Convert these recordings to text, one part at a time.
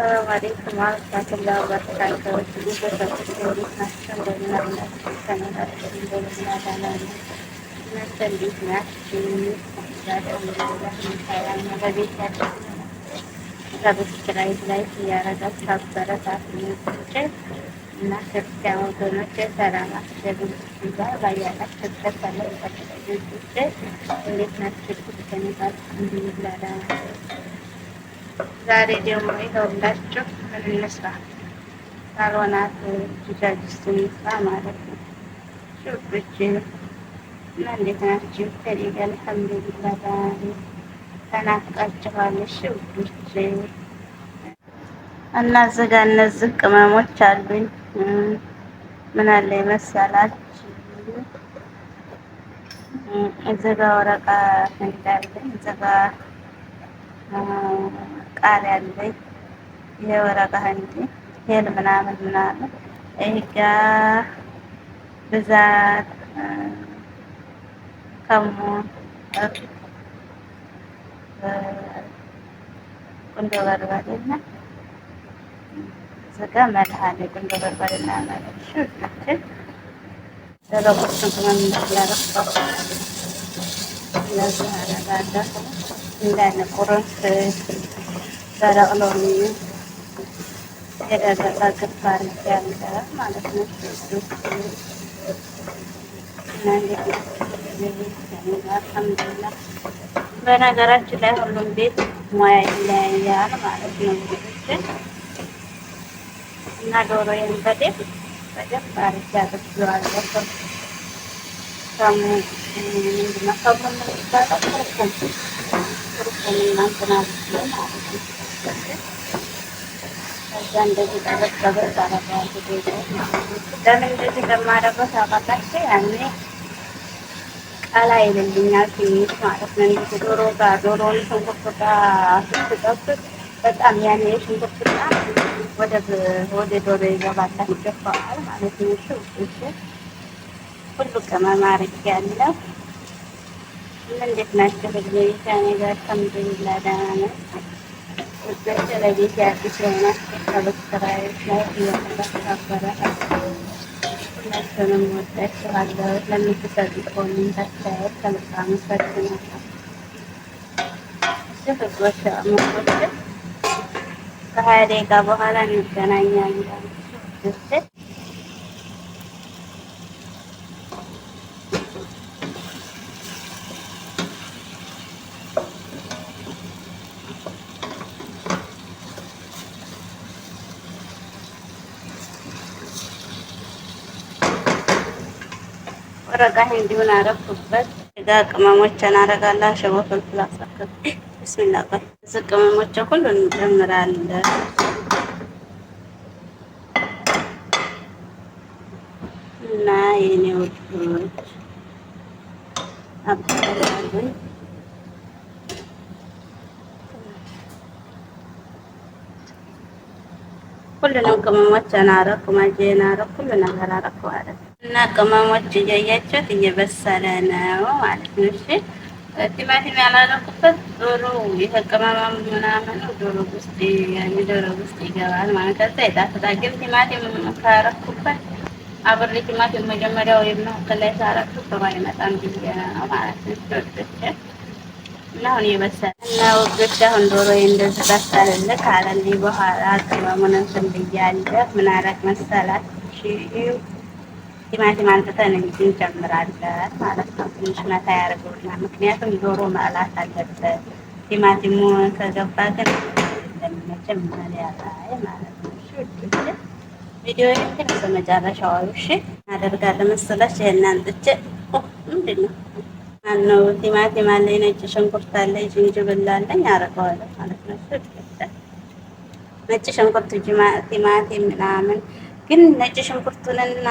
ሰላም አለይኩም ወራህመቱላሂ ወበረካቱህ። እንዴት ናችሁ? እንደምን አላችሁ? ተናላችሁ እንደምን አላችሁ? እናንተ እንዴት ናችሁ? በቤታችሁ ሰብስክራይብ ላይክ እያደረጋችሁ አበረታቱኝ እና ክርስቲያን ወገኖቼ ሰላማችሁ ይብዛ። ባላችሁበት ሰላም ይብዛላችሁ። እንዴት ናችሁ? ዛሬ ደግሞ ይኸውላችሁ ምን እንስራ ሳሎናት ጅጃጅስት እንስራ ማለት ነው። ሹብች እና እንዴት ናችሁ? ከሪጋ አልሐምዱሊላ ዛሬ ተናፍቃችኋለሽ ውዶች እና እዚጋ እነዚህ ቅመሞች አሉኝ። ምን አለ መሰላችሁ እዚጋ ወረቀ እንዳለ እዚጋ ቃል ያለኝ ይሄ እንጂ ሄል ምናምን ምናምን ይሄ ጋ ብዛት ከሙ ቁንዶ በርበሬና እዚህ ጋ ቁንዶ በርበሬና ማለት ሽችን ደረቆችን ስለምንላረቅ እነዚህ አረጋለሁ እንዳይነ ቁርንስ secara anonim ya ada target varian ya malasnya terus nanti ini ini karena garan cilek belum di mulai nilai ya malas nah doro yang tadi tadi varian terjual ya so kamu ini masa terus terus menang አስገብተን ከዛ እንደዚህ ጠበቅ ቀላ ይልልኛል ትንሽ ማለት ነው። እንዲህ ዶሮ ጋር ዶሮውን ሽንኩርት ጋር ስትጠብቅ በጣም ያኔ ሽንኩርት ጋር ወደ ወደ ዶሮ ይገባል ይገባዋል ማለት ነው። እሺ እሺ ሁሉ ቅመም አድርጌያለሁ። እንዴት ናቸው? ልጅ ይቻ ነገር ከምድር ይላዳና ኢትዮጵያ ለቤት የአዲስ የሆነ ከበስራይ ላይ እየተከባበረ ሁላችንም ወዳችኋለሁ። ለምትሰጥቆን አስተያየት ከልብ አመሰግናለሁ። እሺ ፍቅሮች አመቆችን ከሀያ ደቂቃ በኋላ እንገናኛለን። ወረቃ እንዲሁን አረኩበት ጋ ቅመሞችን አረጋላ ሽቦ ፍልፍል ብስሚላ ቅመሞች ሁሉ እንጨምራለን። እና የኔ ሁሉንም ቅመሞችን አረኩ አረኩ ሁሉ ነገር አረኩ ማለት ነው። እና ቅመሞች እያያችሁት እየበሰለ ነው ማለት ነው። እሺ ቲማቲም ያላለኩበት ዶሮ ይሄ ቅመማም ምናምን ዶሮ ውስጥ የዶሮ ውስጥ ይገባል ማለት ከዛ ይጣፍጣል። ግን ቲማቲም ካረኩበት አብሬ ቲማቲም መጀመሪያው የምናክል ላይ ሳረኩ በማይመጣም ብዬ ነው ማለት ነው። እና አሁን የበሰለ እና ወዶች አሁን ዶሮ እንደዚህ በሰልልክ አለልኝ በኋላ ቅመሙን እንትን ብያለ ምን አረግ መሰላት እሺ ቲማቲም አንጥተን እንግዲህ እንጨምራለን ማለት ነው። ትንሽ መታ ያደርገውና ምክንያቱም ዶሮ መዕላት አለበት። ቲማቲሙ ከገባ ግን ለሚመችም መለያ ላይ ማለት ነው። ቪዲዮ ልክ ነው። በመጨረሻው እሺ እናደርጋለን መሰላችሁ። አንጥቼ ምንድን ነው ማነው ቲማቲም አለኝ፣ ነጭ ሽንኩርት አለኝ፣ ዝንጅብል አለኝ አደርገዋለሁ ማለት ነው። ነጭ ሽንኩርት ቲማቲም ምናምን ግን ነጭ ሽንኩርቱንና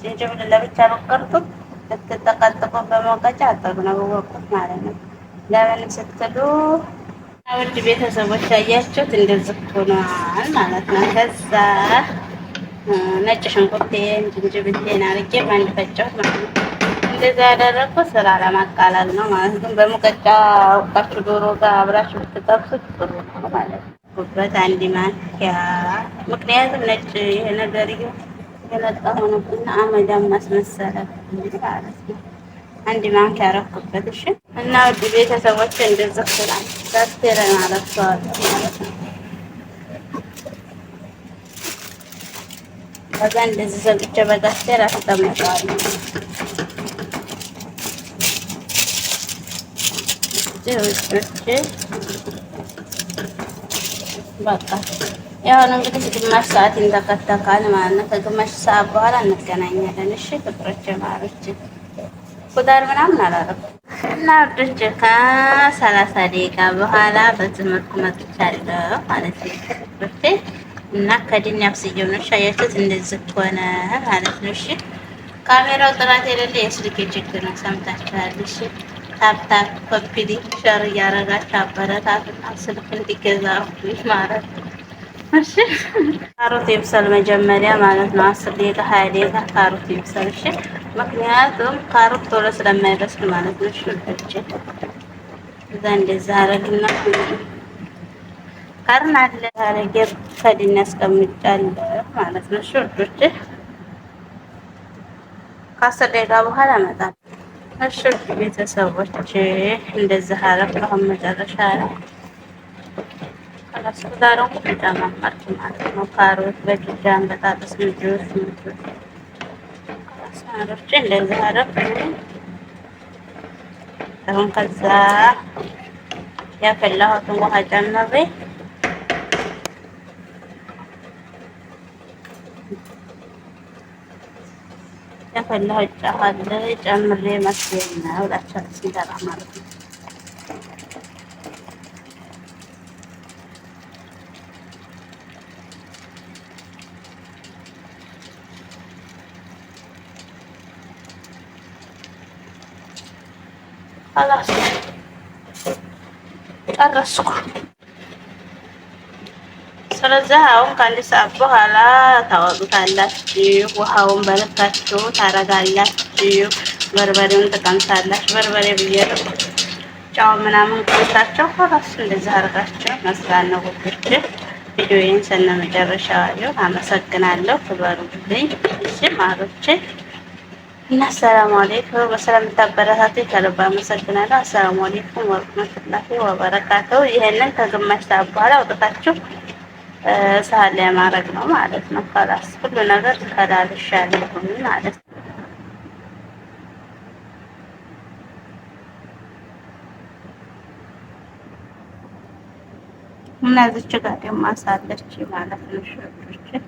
ጅንጅብል ለብቻ ብትቆርጡት ብትጠቀጥቁ በመውቀጫ አጠሩ ነው በወቁት ማለት ነው። ለምን ስትሉ ውድ ቤተሰቦች አያችሁት፣ እንደዚህ ሆኗል ማለት ነው። ከዛ ነጭ ሽንኩርቴን ጅንጅብቴን አርጌ በአንድ ፈጨሁት ማለት ነው። እንደዛ ያደረግኩ ስራ ለማቃለል ነው ማለት ግን በሙቀጫ አውቃችሁ ዶሮ ጋር አብራችሁ ብትጠብሱት ጥሩ ነው ማለት ነው። ያልኩበት አንድ ማንኪያ ምክንያቱም ነጭ ነገር የለጣ ሆነብና አመዳም ማስመሰለ አንድ ማንኪያ ረኩበት። እሺ እና ውድ ቤተሰቦች እንደዚህ ማለት ነው። ከዛ እንደዚህ ዘግቼ በቃ ያሁን እንግዲህ ግማሽ ሰዓት ይንተከተካል ማለት ነው። ከግማሽ ሰዓት በኋላ እንገናኛለን። እሺ ፍቅሮች ማሮች ቁጥር ምናምን አላረኩም እና ውዶች ከሰላሳ ደቂቃ በኋላ በዚህ መልኩ መጥቻለሁ ማለት ነው ፍቅሮቼ እና ከድን ያብስየው ነው ሻያችሁት እንደዚህ ሆነ ማለት ነው። እሺ ካሜራው ጥራት የሌለ የስልክ ችግር ነው። ሰምታችኋል። እሺ ታፕታፕ ኮፒ ሊንክ ሸር እያደረጋችሁ አበረታትና ስልክ እንዲገዛ ማለት ነው። እሺ ካሮት ይብሰል መጀመሪያ ማለት ነው። አስር ደቂቃ ሀያ ደቂቃ ካሮት ይብሰል። እሺ ምክንያቱም ካሮት ቶሎ ስለማይበስል ማለት ነው። እሺ እዛ እንደዛ አረግና ካርን አለ አረጌ ፈድና አስቀምጫለሁ ማለት ነው። እሺ ወዶች ከአስር ደቂቃ በኋላ እመጣለሁ። እሺ ቤተሰቦች እንደዚህ አረፍኩ። መጨረሻ ላይ ከእሱ ጋር ጨማመርኩ ማለት ነው። ካሮት በጅዳን በጣጥስ ልጆች ሳሮች እንደዚህ አረፍኩ። አሁን ከዛ ያፈላሁትን ውሃ ጨምሬ የፈላሁ ጨዋል ጨምሬ መስሎኝ ነው እላቸዋለሁ። ሲንጠራ ማለት ነው። ጨረስኩ። ስለዛ አሁን ከአንድ ሰዓት በኋላ ታወጡታላችሁ። ውሃውን በልታችሁ ታረጋላችሁ። በርበሬውን ትቀምሳላችሁ። በርበሬ ብዬ ጫው ምናምን ቀምሳቸው ራሱ እንደዚህ አርጋቸው መስራት ነው። ጉዶች ቪዲዮዬን መጨረሻ ዋየው አመሰግናለሁ። ክበሩልኝ ማሮቼ እና አሰላሙ አሌይኩም በሰላም በሰለምታበረታቱ ከልብ አመሰግናለሁ። አሰላሙ አሌይኩም ወረህመቱላሂ ወበረካቱ። ይህንን ከግማሽ ሰዓት በኋላ አውጥታችሁ ሳለ ላይ ማድረግ ነው ማለት ነው። ከላስ ሁሉ ነገር ከላልሻለሁ ማለት ነው። እና እዚች ጋር ደግሞ አሳለች ማለት ነው።